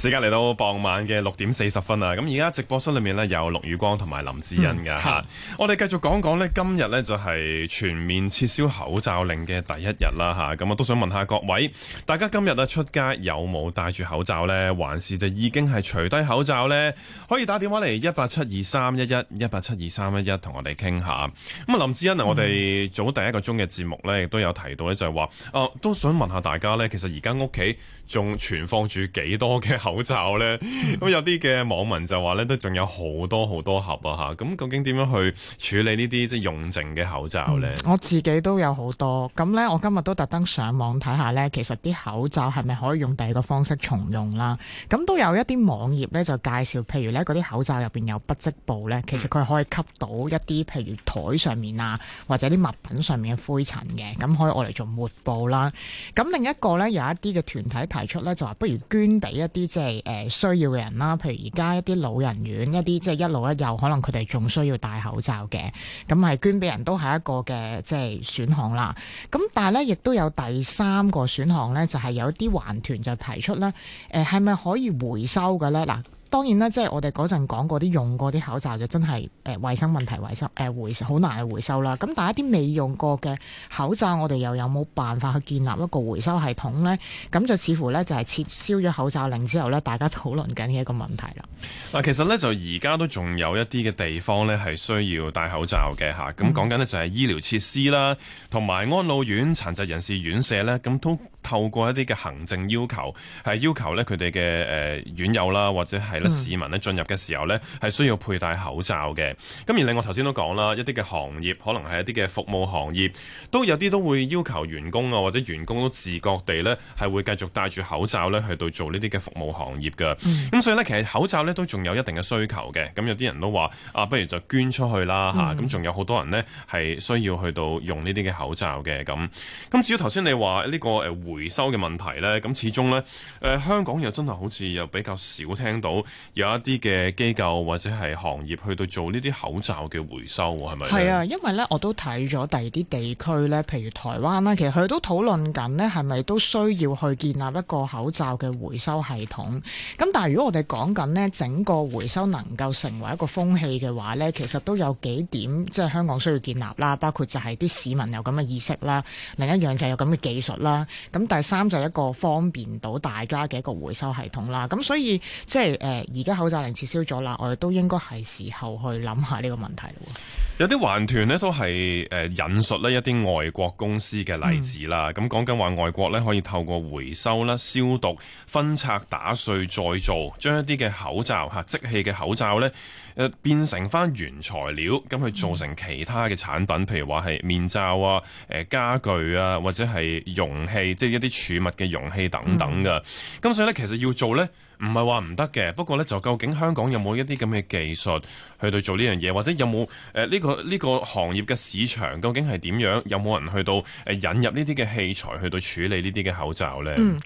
時間嚟到傍晚嘅六點四十分啦，咁而家直播室裏面呢，有陸宇光同埋林志恩噶吓，我哋繼續講講呢，今日呢就係全面撤銷口罩令嘅第一日啦吓，咁我都想問下各位，大家今日呢出街有冇戴住口罩呢？還是就已經係除低口罩呢？可以打電話嚟一八七二三一一，一八七二三一一，同我哋傾下。咁啊林志恩，我哋早第一個鐘嘅節目呢，亦都有提到呢，就係話啊都想問下大家呢，其實而家屋企仲存放住幾多嘅口罩？口罩呢，咁有啲嘅網民就話呢都仲有好多好多盒啊吓，咁究竟點樣去處理呢啲即係用剩嘅口罩咧、嗯？我自己都有好多，咁咧我今日都特登上網睇下咧，其實啲口罩係咪可以用第二個方式重用啦？咁都有一啲網頁咧就介紹，譬如咧嗰啲口罩入邊有不織布咧，其實佢可以吸到一啲譬如台上面啊或者啲物品上面嘅灰塵嘅，咁可以我嚟做抹布啦。咁另一個咧有一啲嘅團體提出咧就話，不如捐俾一啲係誒需要嘅人啦，譬如而家一啲老人院，一啲即係一老一幼，可能佢哋仲需要戴口罩嘅，咁係捐俾人都係一個嘅即係選項啦。咁但係咧，亦都有第三個選項咧，就係有啲環團就提出咧，誒係咪可以回收嘅咧嗱。當然啦，即係我哋嗰陣講過啲用過啲口罩就真係誒衞生問題、衞生誒回好難回收啦。咁但係一啲未用過嘅口罩，我哋又有冇辦法去建立一個回收系統呢？咁就似乎呢，就係撤銷咗口罩令之後呢，大家討論緊嘅一個問題啦。嗱，其實呢，就而家都仲有一啲嘅地方呢，係需要戴口罩嘅嚇。咁講緊呢，就係醫療設施啦，同埋安老院、殘疾人士院舍呢。咁都。透過一啲嘅行政要求，係要求咧佢哋嘅誒院友啦，或者係咧市民咧進入嘅時候咧，係需要佩戴口罩嘅。咁而另外頭先都講啦，一啲嘅行業可能係一啲嘅服務行業，都有啲都會要求員工啊，或者員工都自覺地咧係會繼續戴住口罩咧去到做呢啲嘅服務行業㗎。咁、嗯嗯、所以咧，其實口罩咧都仲有一定嘅需求嘅。咁、嗯、有啲人都話啊，不如就捐出去啦嚇。咁、啊、仲有好多人呢係需要去到用呢啲嘅口罩嘅。咁咁至於頭先你話呢、呢個誒？呃回收嘅問題咧，咁始終咧，誒、呃、香港又真係好似又比較少聽到有一啲嘅機構或者係行業去到做呢啲口罩嘅回收係咪？係啊，因為咧我都睇咗第二啲地區咧，譬如台灣啦，其實佢都討論緊咧，係咪都需要去建立一個口罩嘅回收系統，咁但係如果我哋講緊咧整個回收能夠成為一個風氣嘅話咧，其實都有幾點，即係香港需要建立啦，包括就係啲市民有咁嘅意識啦，另一樣就係有咁嘅技術啦。咁第三就係一個方便到大家嘅一個回收系統啦，咁所以即係誒而家口罩令撤銷咗啦，我哋都應該係時候去諗下呢個問題咯。有啲環團咧都係誒引述咧一啲外國公司嘅例子啦，咁講緊話外國咧可以透過回收啦、消毒、分拆、打碎再做，將一啲嘅口罩吓即棄嘅口罩咧誒變成翻原材料，咁去做成其他嘅產品，譬、嗯、如話係面罩啊、誒家具啊或者係容器即。一啲儲物嘅容器等等嘅，咁、嗯、所以咧，其實要做咧。唔係話唔得嘅，不過呢，就究竟香港有冇一啲咁嘅技術去到做呢樣嘢，或者有冇誒呢個呢個行業嘅市場究竟係點樣？有冇人去到誒引入呢啲嘅器材去到處理呢啲嘅口罩呢？咁，嗯，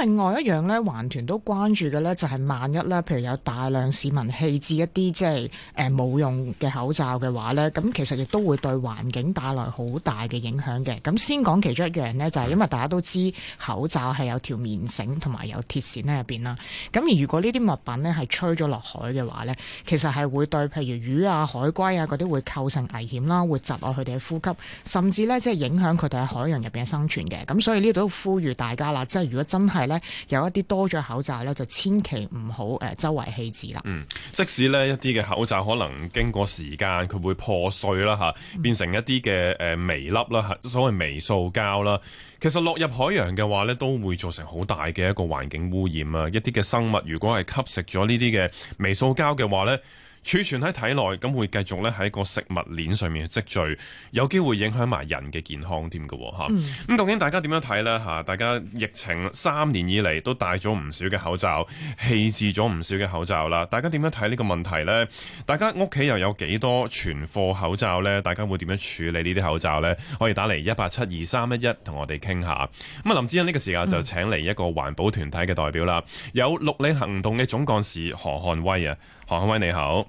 另外一樣呢，環團都關注嘅呢，就係、是、萬一呢，譬如有大量市民棄置一啲即係誒冇用嘅口罩嘅話呢，咁其實亦都會對環境帶來好大嘅影響嘅。咁先講其中一樣呢，就係、是、因為大家都知口罩係有條綿繩同埋有，有鐵線喺入邊啦。咁而如果呢啲物品咧，係吹咗落海嘅話，咧，其實，係會對譬如魚啊、海龜啊嗰啲會構成危險啦，會窒落佢哋嘅呼吸，甚至咧即係影響佢哋喺海洋入邊嘅生存嘅。咁所以呢度都呼籲大家啦，即係如果真係咧有一啲多咗口罩咧，就千祈唔好誒周圍棄置啦。嗯，即使呢一啲嘅口罩可能經過時間，佢會破碎啦，吓變成一啲嘅誒微粒啦，所謂微塑膠啦。其實落入海洋嘅話咧，都會造成好大嘅一個環境污染啊！一啲嘅生物如果係吸食咗呢啲嘅微塑膠嘅話咧，儲存喺體內，咁會繼續咧喺個食物鏈上面積聚，有機會影響埋人嘅健康添㗎吓。咁、嗯、究竟大家點樣睇呢？嚇？大家疫情三年以嚟都戴咗唔少嘅口罩，棄置咗唔少嘅口罩啦。大家點樣睇呢個問題呢？大家屋企又有幾多存貨口罩呢？大家會點樣處理呢啲口罩呢？可以打嚟一八七二三一一，同我哋傾下。咁啊，林志欣呢個時間就請嚟一個環保團體嘅代表啦，嗯、有綠領行動嘅總幹事何漢威啊，何漢威你好。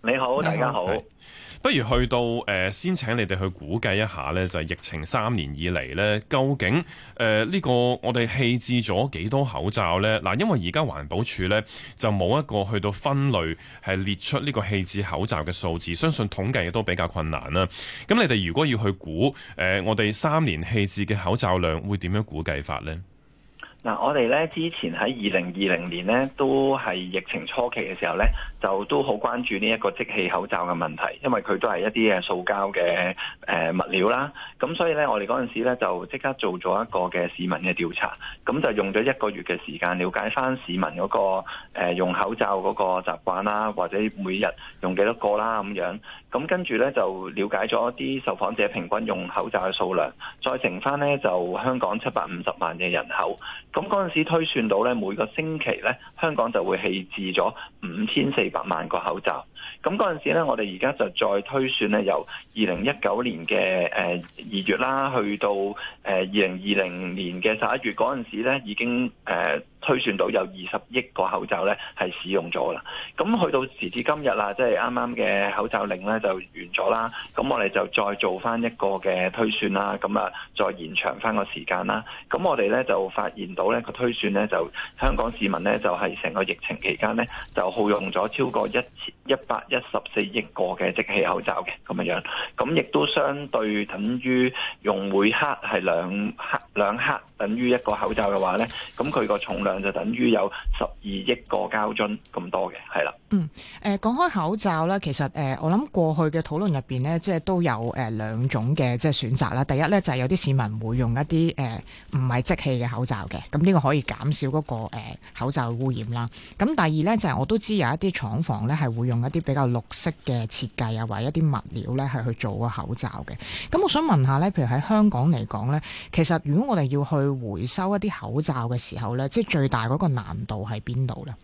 你好，大家好，好。不如去到誒、呃，先請你哋去估計一下咧，就係、是、疫情三年以嚟咧，究竟誒呢、呃這個我哋棄置咗幾多口罩咧？嗱，因為而家環保署咧就冇一個去到分類係列出呢個棄置口罩嘅數字，相信統計亦都比較困難啦。咁你哋如果要去估誒、呃，我哋三年棄置嘅口罩量會點樣估計法咧？嗱、啊，我哋咧之前喺二零二零年咧，都係疫情初期嘅時候咧，就都好關注呢一個即棄口罩嘅問題，因為佢都係一啲嘅塑膠嘅誒、呃、物料啦。咁所以咧，我哋嗰陣時咧就即刻做咗一個嘅市民嘅調查，咁就用咗一個月嘅時間了解翻市民嗰、嗰個、呃、用口罩嗰個習慣啦，或者每日用幾多個啦咁樣。咁跟住咧就了解咗一啲受訪者平均用口罩嘅數量，再乘翻咧就香港七百五十萬嘅人口。咁嗰陣時推算到咧，每個星期咧，香港就會棄置咗五千四百萬個口罩。咁嗰陣時咧，我哋而家就再推算咧，由二零一九年嘅誒二月啦，去到誒二零二零年嘅十一月嗰陣時咧，已經誒，呃推算到有二十億個口罩咧係使用咗啦，咁去到時至今日啦，即係啱啱嘅口罩令咧就完咗啦，咁我哋就再做翻一個嘅推算啦，咁啊再延長翻個時間啦，咁我哋咧就發現到咧個推算咧就香港市民咧就係、是、成個疫情期間咧就耗用咗超過一千一百一十四億個嘅即棄口罩嘅咁樣樣，咁亦都相對等於用每克係兩克兩克等於一個口罩嘅話咧，咁佢個重量。就等於有十二億個膠樽咁多嘅，係啦。嗯，誒講開口罩咧，其實誒、呃、我諗過去嘅討論入邊咧，即係都有誒、呃、兩種嘅即係選擇啦。第一咧就係、是、有啲市民會用一啲誒唔係即氣即棄嘅口罩嘅，咁呢個可以減少嗰、那個、呃、口罩污染啦。咁第二咧就係、是、我都知有一啲廠房咧係會用一啲比較綠色嘅設計啊，或者一啲物料咧係去做個口罩嘅。咁我想問下咧，譬如喺香港嚟講咧，其實如果我哋要去回收一啲口罩嘅時候咧，即係最最大嗰個難度喺邊度呢？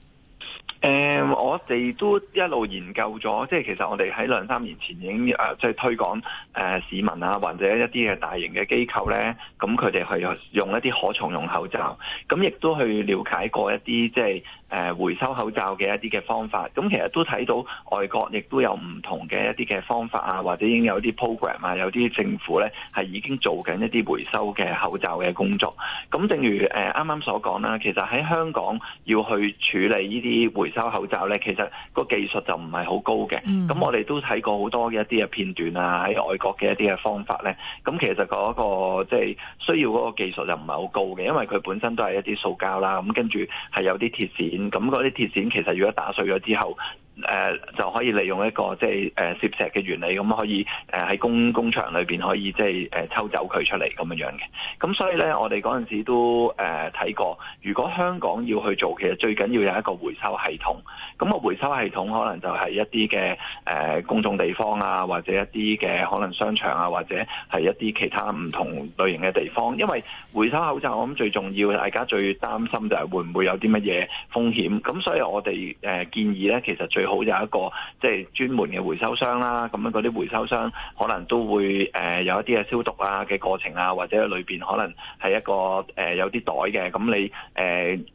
誒、呃，我哋都一路研究咗，即係其實我哋喺兩三年前已經誒，即、呃、係、就是、推廣誒、呃、市民啊，或者一啲嘅大型嘅機構呢，咁佢哋去用一啲可重用口罩，咁、嗯、亦都去了解過一啲即係。誒回收口罩嘅一啲嘅方法，咁其實都睇到外國亦都有唔同嘅一啲嘅方法啊，或者已經有啲 program 啊，有啲政府咧係已經做緊一啲回收嘅口罩嘅工作。咁正如誒啱啱所講啦，其實喺香港要去處理呢啲回收口罩咧，其實個技術就唔係好高嘅。咁、mm hmm. 我哋都睇過好多嘅一啲嘅片段啊，喺外國嘅一啲嘅方法咧，咁其實嗰、嗰個即係、即係、需要嗰個技術就唔係好高嘅，因為佢本身都係一啲塑膠啦，咁跟住係有啲鐵線。咁嗰啲鐵線，其實如果打碎咗之後，誒、呃、就可以利用一個即係誒攝石嘅原理，咁可以誒喺、呃、工工場裏邊可以即係誒、呃、抽走佢出嚟咁樣樣嘅。咁所以咧，我哋嗰陣時都誒睇、呃、過，如果香港要去做，其實最緊要有一個回收系統。咁、那個回收系統可能就係一啲嘅誒公眾地方啊，或者一啲嘅可能商場啊，或者係一啲其他唔同類型嘅地方。因為回收口罩，我諗最重要，大家最擔心就係會唔會有啲乜嘢風險。咁所以我哋誒、呃、建議咧，其實最最好有一個即係、就是、專門嘅回收箱啦，咁樣嗰啲回收箱可能都會誒、呃、有一啲嘅消毒啊嘅過程啊，或者裏邊可能係一個誒、呃、有啲袋嘅，咁你誒、呃、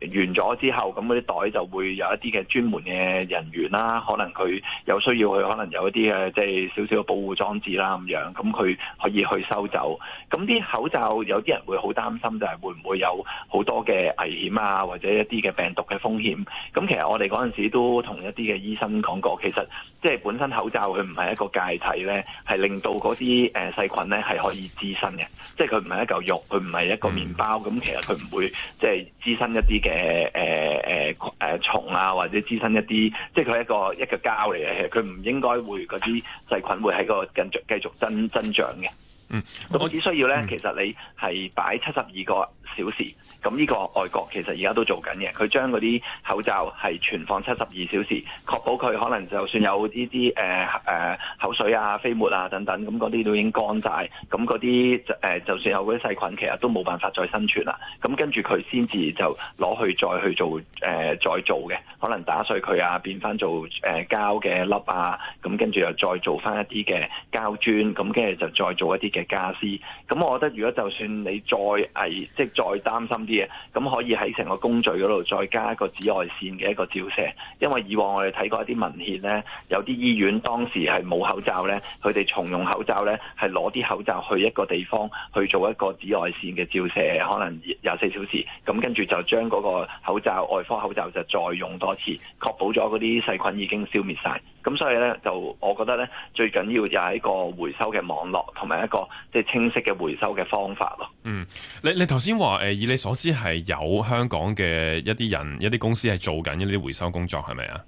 完咗之後，咁嗰啲袋就會有一啲嘅專門嘅人員啦，可能佢有需要去，可能有一啲嘅即係少少嘅保護裝置啦咁樣，咁佢可以去收走。咁啲口罩有啲人會好擔心就係會唔會有好多嘅危險啊，或者一啲嘅病毒嘅風險？咁其實我哋嗰陣時都同一啲嘅醫新講過，其實即係本身口罩佢唔係一個介體咧，係令到嗰啲誒細菌咧係可以滋生嘅。即係佢唔係一嚿肉，佢唔係一個麵包，咁其實佢唔會即係滋生一啲嘅誒誒誒蟲啊，或者滋生一啲，即係佢係一個一個膠嚟嘅。佢唔應該會嗰啲細菌會喺個繼續繼續增增長嘅。嗯，我只需要咧，其實你係擺七十二個小時，咁呢個外國其實而家都做緊嘅，佢將嗰啲口罩係存放七十二小時，確保佢可能就算有呢啲誒誒口水啊、飛沫啊等等，咁嗰啲都已經乾晒，咁嗰啲誒就算有嗰啲細菌，其實都冇辦法再生存啦。咁跟住佢先至就攞去再去做誒、呃、再做嘅，可能打碎佢啊，變翻做誒、呃、膠嘅粒啊，咁跟住又再做翻一啲嘅膠磚，咁跟住就再做一啲嘅傢俬，咁我覺得如果就算你再危，即係再擔心啲嘢，咁可以喺成個工序嗰度再加一個紫外線嘅一個照射，因為以往我哋睇過一啲文獻咧，有啲醫院當時係冇口罩咧，佢哋重用口罩咧，係攞啲口罩去一個地方去做一個紫外綫嘅照射，可能廿四小時。咁跟住就將嗰個口罩，外科口罩就再用多次，確保咗嗰啲細菌已經消滅晒。咁所以咧，就我覺得咧，最緊要就係一個回收嘅網絡，同埋一個即係清晰嘅回收嘅方法咯。嗯，你你頭先話誒，以你所知係有香港嘅一啲人、一啲公司係做緊一啲回收工作，係咪啊？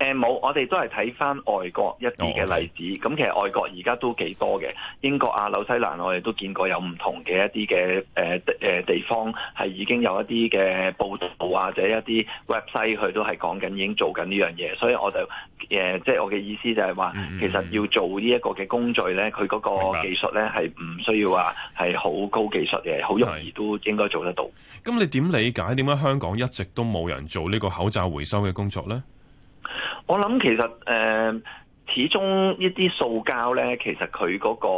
誒冇，我哋都係睇翻外國一啲嘅例子，咁、哦 okay. 其實外國而家都幾多嘅，英國啊、紐西蘭，我哋都見過有唔同嘅一啲嘅誒誒地方係已經有一啲嘅報道或者一啲 website，佢都係講緊已經做緊呢樣嘢，所以我就誒、呃、即係我嘅意思就係話，嗯、其實要做呢一個嘅工序咧，佢嗰個技術咧係唔需要話係好高技術嘅，好容易都應該做得到。咁、嗯、你點理解點解香港一直都冇人做呢個口罩回收嘅工作咧？我諗其實誒。呃始終一啲塑膠呢，其實佢嗰個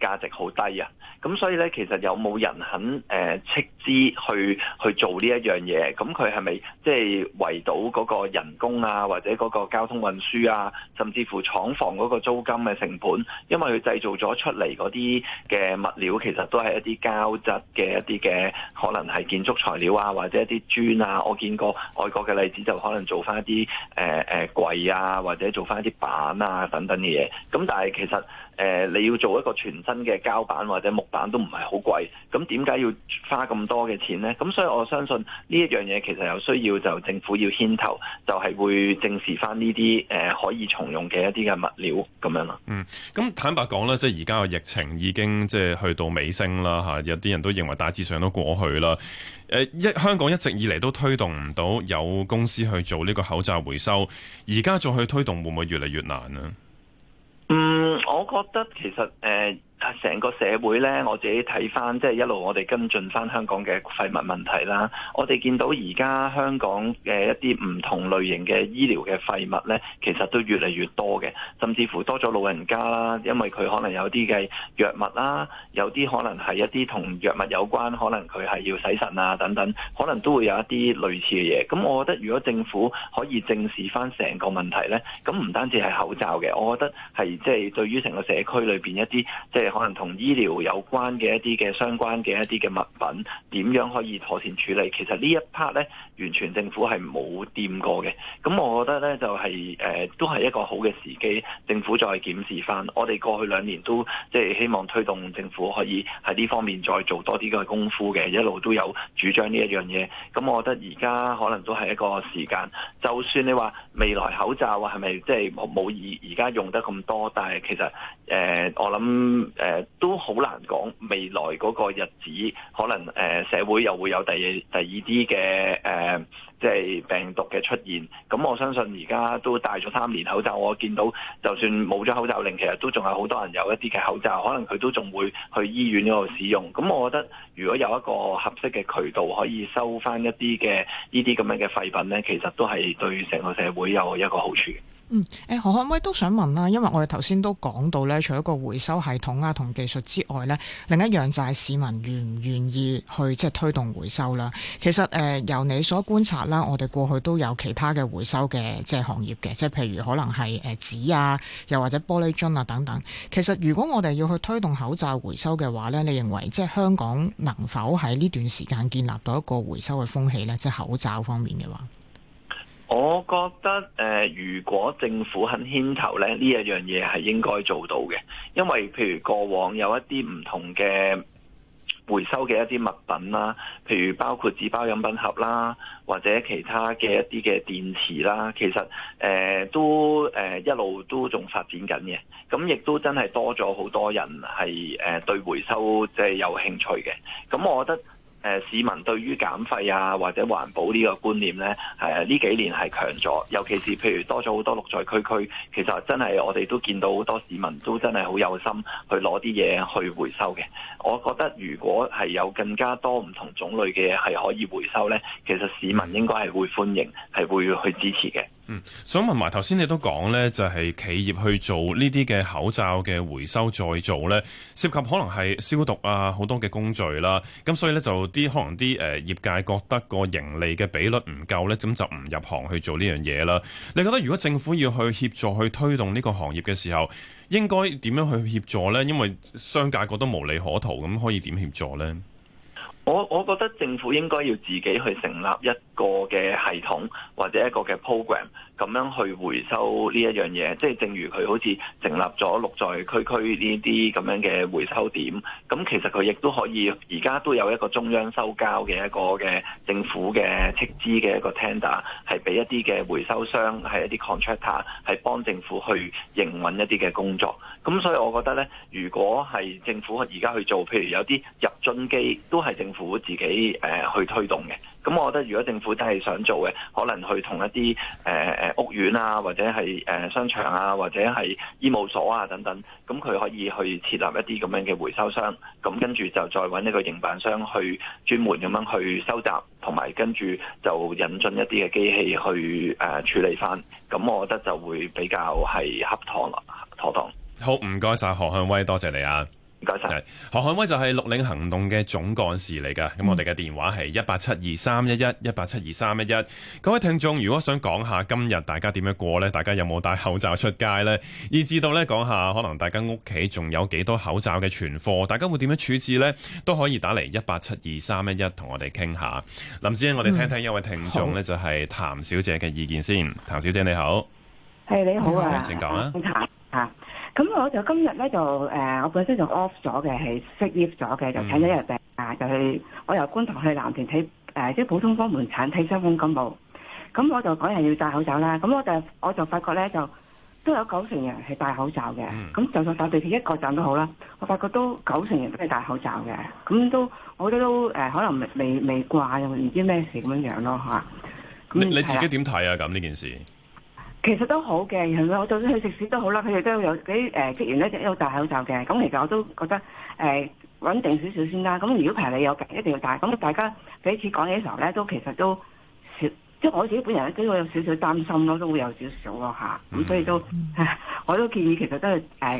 價值好低啊！咁所以呢，其實有冇人肯誒斥資去去做呢一樣嘢？咁佢係咪即係圍到嗰個人工啊，或者嗰個交通運輸啊，甚至乎廠房嗰個租金嘅成本？因為佢製造咗出嚟嗰啲嘅物料，其實都係一啲膠質嘅一啲嘅，可能係建築材料啊，或者一啲磚啊。我見過外國嘅例子，就可能做翻一啲誒誒櫃啊，或者做翻一啲板啊。啊，等等嘅嘢，咁但係其實。誒、呃，你要做一個全新嘅膠板或者木板都唔係好貴，咁點解要花咁多嘅錢呢？咁所以我相信呢一樣嘢其實有需要，就政府要牽頭，就係、是、會正視翻呢啲誒可以重用嘅一啲嘅物料咁樣咯。嗯，咁坦白講咧，即係而家嘅疫情已經即係去到尾聲啦，吓有啲人都認為大致上都過去啦。誒、呃，一香港一直以嚟都推動唔到有公司去做呢個口罩回收，而家再去推動會唔會越嚟越難啊？嗯，我覺得其實誒，呃成個社會咧，我自己睇翻，即係一路我哋跟進翻香港嘅廢物問題啦。我哋見到而家香港嘅一啲唔同類型嘅醫療嘅廢物咧，其實都越嚟越多嘅，甚至乎多咗老人家啦，因為佢可能有啲嘅藥物啦，有啲可能係一啲同藥物有關，可能佢係要洗腎啊等等，可能都會有一啲類似嘅嘢。咁我覺得如果政府可以正視翻成個問題咧，咁唔單止係口罩嘅，我覺得係即係對於成個社區裏邊一啲即係。即係可能同醫療有關嘅一啲嘅相關嘅一啲嘅物品，點樣可以妥善處理？其實呢一 part 呢，完全政府係冇掂過嘅。咁我覺得呢，就係、是、誒、呃，都係一個好嘅時機，政府再檢視翻。我哋過去兩年都即係、就是、希望推動政府可以喺呢方面再做多啲嘅功夫嘅，一路都有主張呢一樣嘢。咁我覺得而家可能都係一個時間。就算你話未來口罩啊，係咪即係冇而家用得咁多？但係其實誒、呃，我諗。誒、呃、都好難講，未來嗰個日子可能誒、呃、社會又會有第第二啲嘅誒，即、呃、係、就是、病毒嘅出現。咁我相信而家都戴咗三年口罩，我見到就算冇咗口罩令，其實都仲係好多人有一啲嘅口罩，可能佢都仲會去醫院嗰度使用。咁我覺得，如果有一個合適嘅渠道可以收翻一啲嘅呢啲咁樣嘅廢品咧，其實都係對成個社會有一個好處。嗯，誒何漢威都想問啦，因為我哋頭先都講到咧，除咗個回收系統啊同技術之外咧，另一樣就係市民願唔願意去即係推動回收啦。其實誒、呃、由你所觀察啦，我哋過去都有其他嘅回收嘅即係行業嘅，即係譬如可能係誒紙啊，又或者玻璃樽啊等等。其實如果我哋要去推動口罩回收嘅話咧，你認為即係香港能否喺呢段時間建立到一個回收嘅風氣咧？即係口罩方面嘅話？我覺得誒、呃，如果政府肯牽頭咧，呢一樣嘢係應該做到嘅，因為譬如過往有一啲唔同嘅回收嘅一啲物品啦，譬如包括紙包飲品盒啦，或者其他嘅一啲嘅電池啦，其實誒、呃、都誒、呃、一路都仲發展緊嘅，咁亦都真係多咗好多人係誒對回收即係有興趣嘅，咁我覺得。誒市民對於減廢啊或者環保呢個觀念呢，係呢幾年係強咗，尤其是譬如多咗好多綠在區區，其實真係我哋都見到好多市民都真係好有心去攞啲嘢去回收嘅。我覺得如果係有更加多唔同種類嘅嘢係可以回收呢，其實市民應該係會歡迎係會去支持嘅。嗯，想問埋頭先，你都講呢，就係、是、企業去做呢啲嘅口罩嘅回收再造呢，涉及可能係消毒啊，好多嘅工序啦。咁所以呢，就啲可能啲誒、呃、業界覺得個盈利嘅比率唔夠呢，咁就唔入行去做呢樣嘢啦。你覺得如果政府要去協助去推動呢個行業嘅時候，應該點樣去協助呢？因為商界覺得無利可圖，咁可以點協助呢？我我覺得政府應該要自己去成立一個嘅系統或者一個嘅 program 咁樣去回收呢一樣嘢，即係正如佢好似成立咗六在區區呢啲咁樣嘅回收點，咁其實佢亦都可以而家都有一個中央收交嘅一個嘅政府嘅斥資嘅一個 tender，係俾一啲嘅回收商係一啲 contractor 係幫政府去營運一啲嘅工作。咁所以我覺得呢，如果係政府而家去做，譬如有啲入樽機都係政府自己誒去推動嘅。咁我覺得，如果政府真係想做嘅，可能去同一啲誒誒屋苑啊，或者係誒、呃、商場啊，或者係醫務所啊等等，咁佢可以去設立一啲咁樣嘅回收箱，咁跟住就再揾一個營辦商去專門咁樣去收集，同埋跟住就引進一啲嘅機器去誒、呃、處理翻。咁我覺得就會比較係恰妥啦，妥當。好，唔該晒何漢威，多謝你啊！唔，何漢威就係綠領行動嘅總幹事嚟㗎。咁我哋嘅電話係一八七二三一一一八七二三一一。各位聽眾，如果想講下今日大家點樣過呢？大家有冇戴口罩出街呢？以至到呢，講下，可能大家屋企仲有幾多口罩嘅存貨，大家會點樣處置呢？都可以打嚟一八七二三一一，同我哋傾下。林子欣，我哋聽聽一位聽眾呢，就係、是、譚小姐嘅意見先。譚小姐你好，係、hey, 你好啊，請講啊。咁我就今日咧就誒，我本身就 off 咗嘅，係息 l 咗嘅，就請咗一日病假，就去我由觀塘去藍田睇誒，即係普通科門診睇傷風感冒。咁我就嗰日要戴口罩啦。咁我就我就發覺咧，就都有九成人係戴口罩嘅。咁就算搭地鐵一個站都好啦，我發覺都九成人都係戴口罩嘅。咁都我覺得都誒，可能未未未掛又唔知咩事咁樣樣咯嚇。你你自己點睇啊？咁呢件事？其實都好嘅，係咪？我就算去食肆都好啦，佢哋都有啲誒職員咧有戴口罩嘅，咁其實我都覺得誒、呃、穩定少少先啦。咁如果係你有一定要戴，咁大家彼此講嘢嘅時候咧，都其實都少，即係我自己本人都會有少少擔心咯，都會有少少咯嚇。咁、啊、所以都，我都建議其實都係誒、呃、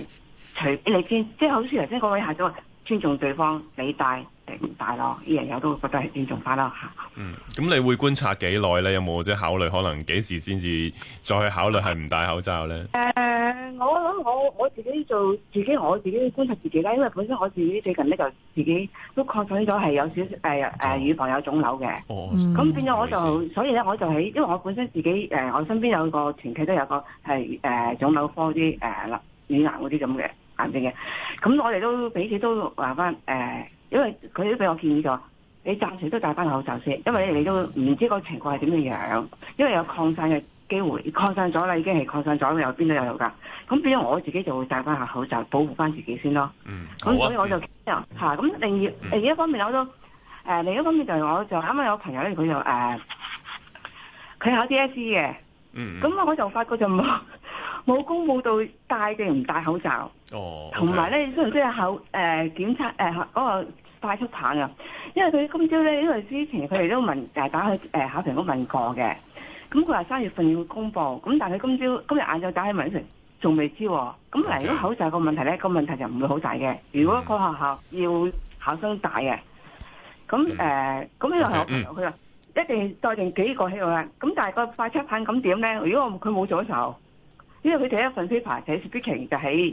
隨你先，即係好似頭先嗰位客都話尊重對方，你戴定唔戴咯，呢樣嘢都覺得係嚴重化啦嚇。嗯，咁你會觀察幾耐咧？有冇即係考慮可能幾時先至再去考慮係唔戴口罩咧？誒、呃，我諗我我自己做自己，我自己觀察自己啦。因為本身我自己最近咧就自己都確診咗係有少少誒誒乳房有腫瘤嘅。呃啊呃、哦。咁、嗯、變咗我就，所以咧我就喺，因為我本身自己誒、呃，我身邊有個前期都有個、呃呃、都都係誒腫瘤科啲誒乳腺嗰啲咁嘅癌症嘅。咁、呃呃呃嗯、我哋都彼此都話翻誒。呃呃嗯因為佢都俾我建議咗，你暫時都戴翻口罩先，因為你都唔知個情況係點嘅樣。因為有擴散嘅機會，擴散咗啦已經係擴散咗，有邊都有噶。咁變咗我自己就會戴翻下口罩，保護翻自己先咯。嗯，咁所以我就，吓咁、嗯。啊、另二，另一方面我都，誒、呃，另一方面就係我就啱啱有朋友咧，佢就誒，佢考 DSE 嘅。嗯。咁我就發覺就冇冇公冇到戴定唔戴口罩。哦。同埋咧，識唔識口誒檢測誒個？呃啊啊啊啊啊啊啊啊快速棒啊！因為佢今朝咧，因為之前佢哋都問，就打去誒考評都問過嘅。咁佢話三月份要公佈，咁但係佢今朝今日晏晝打去問成，仲未知喎、哦。咁、嗯、嚟，嗯、如口考曬個問題咧，個問題就唔會好大嘅。如果個學校要考生大嘅，咁、嗯、誒，咁呢個我朋友佢話、嗯、一定再定幾個喺度啦。咁但係個快出棒咁點咧？如果佢冇左手，因為佢第一份 paper 寫 speaking 就喺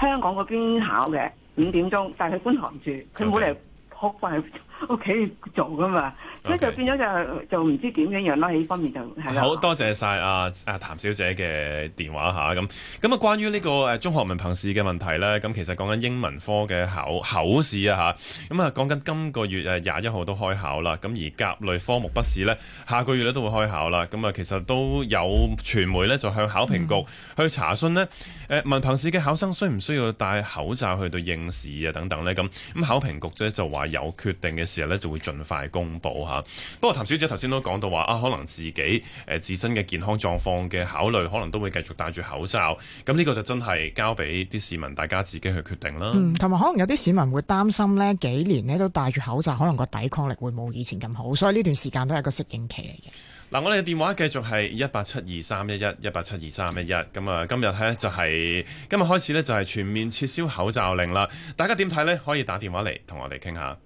香港嗰邊考嘅。五點鐘，但係佢觀塘住，佢冇嚟撲翻去。Okay. 屋企做㗎嘛，所以就變咗就就唔知點樣樣啦。呢方面就係好多謝晒啊阿譚小姐嘅電話嚇咁。咁啊，關於呢個誒中學文憑試嘅問題呢，咁其實講緊英文科嘅考口試啊嚇。咁啊，講緊今個月誒廿一號都開考啦。咁而甲類科目筆試呢，下個月咧都會開考啦。咁啊，其實都有傳媒呢，就向考評局去查詢呢，誒文憑試嘅考生需唔需要戴口罩去到應試啊等等呢。咁。咁考評局啫就話有決定嘅時候咧就會盡快公布吓。不過譚小姐頭先都講到話啊，可能自己誒、呃、自身嘅健康狀況嘅考慮，可能都會繼續戴住口罩。咁呢個就真係交俾啲市民大家自己去決定啦。同埋、嗯、可能有啲市民會擔心呢幾年咧都戴住口罩，可能個抵抗力會冇以前咁好，所以呢段時間都係一個適應期嚟嘅。嗱、嗯，我哋嘅電話繼續係一八七二三一一一八七二三一一。咁、嗯、啊，今日呢，就係、是、今日開始呢，就係、是、全面撤銷口罩令啦。大家點睇呢？可以打電話嚟同我哋傾下。